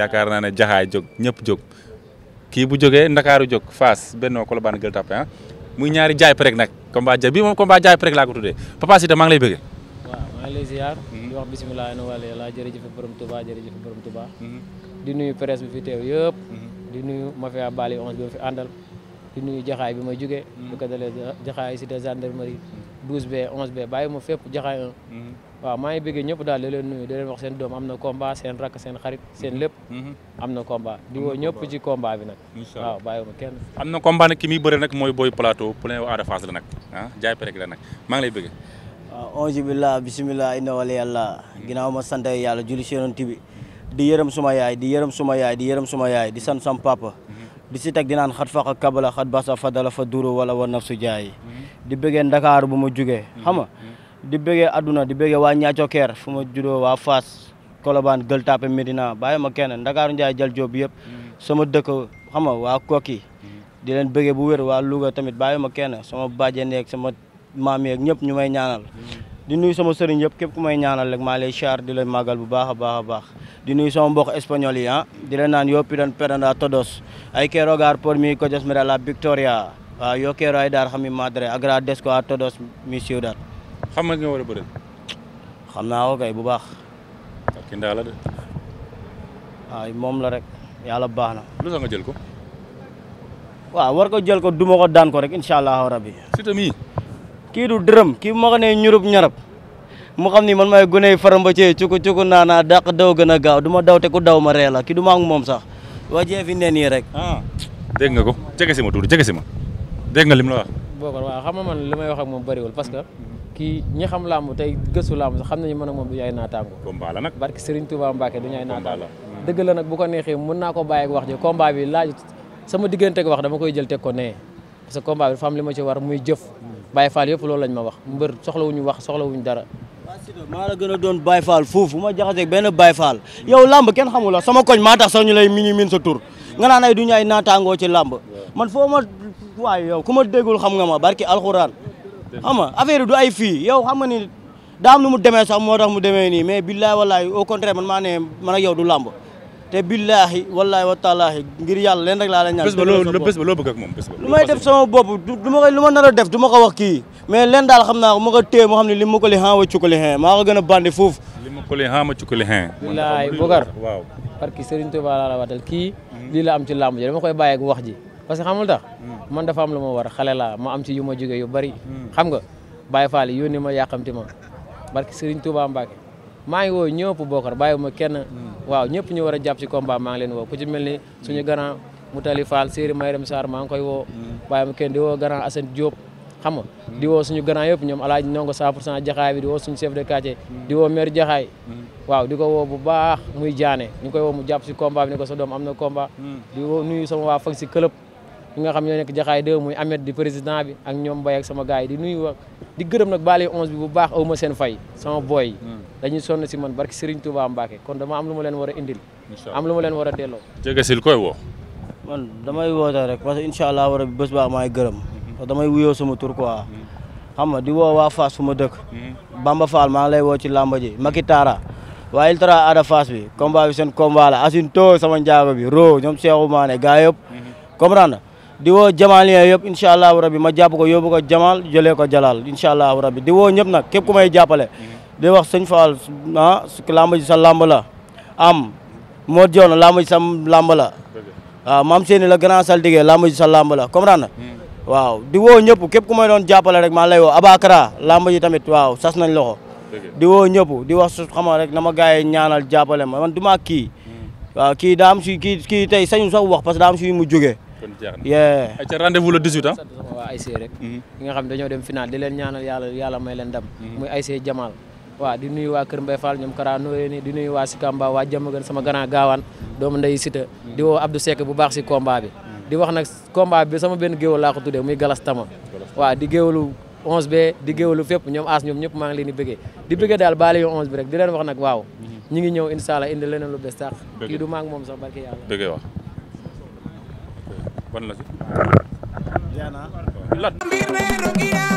yaakaar naa ne jaxaay jóg ñëpp jóg kii bu jógee ndakaaru jóg Fass Benno Colobane Gueule Tapée ah muy ñaari jaay prek nag combat ja bii moom combat jaay prek laa ko tuddee Papa Siteu lay bëggee. waaw maa ngi lay ziar. Mhm. di wax bisimilah laa wàllu yàlla jërëjëf borom Touba jërëjëf borom mhm. di nuyu presse bi fi teew yëpp. Mhm. di nuyu mafia Bali 11 bi ma fi àndal. di nuyu jaxaay bi ma jógee. bu ko dalee jaxaay Siteu gendarmerie. douze b onze b bàyyi ma fépp jaxaay un mhm. waaw maa ngi bégg ñëpp daal di leen nuyu di wax seen doom am na combat seen rakk seen xarit seen mhm. lépp mhm. am na komba di woo ñëpp ci combat bi nag waaw bàyyi ma kenn am na combat nag ki muy bëre nag mooy Boy Plateau plein Ada Fass la nag ah jaay perek la nag maa ngi lay bëggee waaw onze billah bisimilah inna wala yàlla ginnaaw ma sant yàlla julli si yonent bi di yërëm suma yaay di yërëm suma yaay di yërëm suma yaay di sant sama papa di si teg naan xat fax ak kabala xat basa fadala fa duru wala wa naf su jaay di bëggee ndakaar bu ma jugee xam nga di bëggee adduna di bëggee waa ñaacokeer fu ma judoo waa fas Colobane Gueule Tapée Médina bàyyi ma kenn ndakaar njaay jël joob yëpp sama dëkk xam nga waa Koki di leen bëggee bu wér waa Louga tamit bàyyi ma kenn sama bàjje neeg sama maam yeeg ñëpp ñu may ñaanal di nuyu sama sëriñ yëpp képp ku may ñaanal rek maa lay char di la màggal bu baax a baax a baax di nuyu sama mbokk espagnol yi ah di naan yo pidan peranda todos hay que rogar por mi coyos mira la victoria waaw yo ay dar xam mi madre agradezco a todos mi ciudad xam nga nga war a bëri xam naa ko kay bu baax ki de waaw moom la rek yàlla baax na lu tax jël ko waaw war ko jël ko duma ko daan ko rek incha rabbi surtout mii kii du dërëm kii moo ñurub ñarab mu xam ni man may guney farambacee cuku cuku na dàq daw gën a gaaw du ma daw te ku daw ma ree la ki du ma ak moom sax wajee fi ne nii rek ah dégg nga ko jege si ma jege si ma dégg nga lim la wax bookon waaw xam nga man li may wax ak moom bëriwul parce que kii ñi xam làmb tey gëstu làmb xam nañu man ak moom du ñu ay naataango combat la nag barke Serigne Touba Mbacke du nag bu ko neexee mën naa ko bàyyi ak wax ji combat bi laaj sama diggante ak wax dama koy jël teg ko nee parce que combat bi dafa li ma ci war muy jëf Baye Fall yëpp loolu lañ ma wax mbër soxlawuñu wax soxlawuñu dara maa la gën a doon Baye Fall foofu bu ma jaxaseeg benn Baye kenn xamul la sama koñ maa tax sax ñu lay mi ñu min tur nga naan ay du ñu ay naataangoo ci làmb man foo ma waaye yow ku ma déggul xam nga ma barki alxuraan xam nga affaire du ay fii yow xam nga ni daa am nu mu demee sax moo tax mu demee nii mais billahi wallahi o contraire man maa ne man ak du làmb te billahi wallahi wa ngir yàlla leen rek laa la ñaan bés ba loo bëgg ak moom bés ba lu may def sama ma nar a def mais leen daal xam naa mu nga téye moo xam ne li mu ko li xaama a bandi foofu li mu ko li xaama cukkali xeen bilaay Boucar waaw parce que Serigne Touba laa la watal kii hmm. lii la am ci làmb ji dama koy bàyyeeg wax ji parce que xamul tax hmm. man dafa am lu war xale laa ma am ci yu ma jógee yu bari hmm. xam nga Baye Fall yónni ma yàqamti ma barki seriñ Touba Mbacke maa ngi woo ñëpp Boucar bàyyiwuma kenn waaw ñëpp ñu war a jàpp ci combat maa leen woo ku ci mel ni suñu grand Moutali Fall Seri Mayrem Sarr maa ngi koy woo bàyyiwuma kenn di woo grand Assane Diop xam nga di woo suñu grand yëpp ñoom alaaj nongo 100 pour cent jaxaay bi di woo suñu chef de quartier di woo maire jaxaay mm. waaw di ko woo bu baax muy jaane ñu koy woo mu jàpp si combat bi ko sa doom am na combat mm. di woo nuyu sama waa fag si club ñi nga xam ñoo nekk jaxaay muy Ahmed di président bi ak ñoom bay ak sama gars yi di nuyu wax di gërëm nag bale onze bi bu baax aw ma seen fay sama boy yi mm. dañuy sonn si man barki Serigne Touba Mbacke kon dama am lu ma leen war a indil am lu ma leen war a delloo jege sil koy woo man damay woote rek parce incha allah war a bés baax maay gërëm damay wuyoo sama tur quoi xam nga di woo waa Fass fu ma Bamba Fall maa ngi lay woo ci làmba ji Makitara waa Ultra Ada Fass bi combat bi seen combat la asin to sama njaago bi roo ñoom Seexu Maane gaa yëpp comprendre di woo jamalien yëpp incha allahu rabi ma jàpp ko yóbbu ko jamal jëlee ko jalal incha allahu rabi di woo ñëpp nag képp ku may jàppale di wax sëñ Fall ah ji sa làmb la am moo joon làmb ji sa làmb la waaw maam seeni la ah, grand sal digee làmb ji sa làmb waaw di woo ñëpp képp ku may doon jàppale rek maa lay woo Abakara làmb ji tamit waaw sas nañ loxo. di woo ñëpp di wax su xama rek na ma gars yi ñaanal jàppale ma man du kii. Mm. kii daa am si kii kii tey sañu sax wax parce que am si mu jóge kon jeex na ca rendez-vous le 18 ah. Mm-hmm. nga xam dañoo dem final di leen ñaanal yàlla yàlla may leen dam mm-hmm. muy ASC Jamal. waaw di nuyu waa Kër Mbaye Fall ñoom Kara Noé di nuyu waa si Sikamba waa Jamagan sama grand gaawaan doomu ndeyu Sita. di woo Abdou Seck bu baax si combat bi. di wax nag combat bi sama benn géwal laa ko tuddee mu galas tama waaw di géwalu 11 be di géwalu fépp ñoom aas ñoom ñëpp maa ngi ni di di bëggee daal baale yu 11 bi rek di leen wax nag waaw ñi ngi ñëw incha allah indi leneen lu bees sax kii du maa ngi moom sax barke yàlla dëgg wax ban la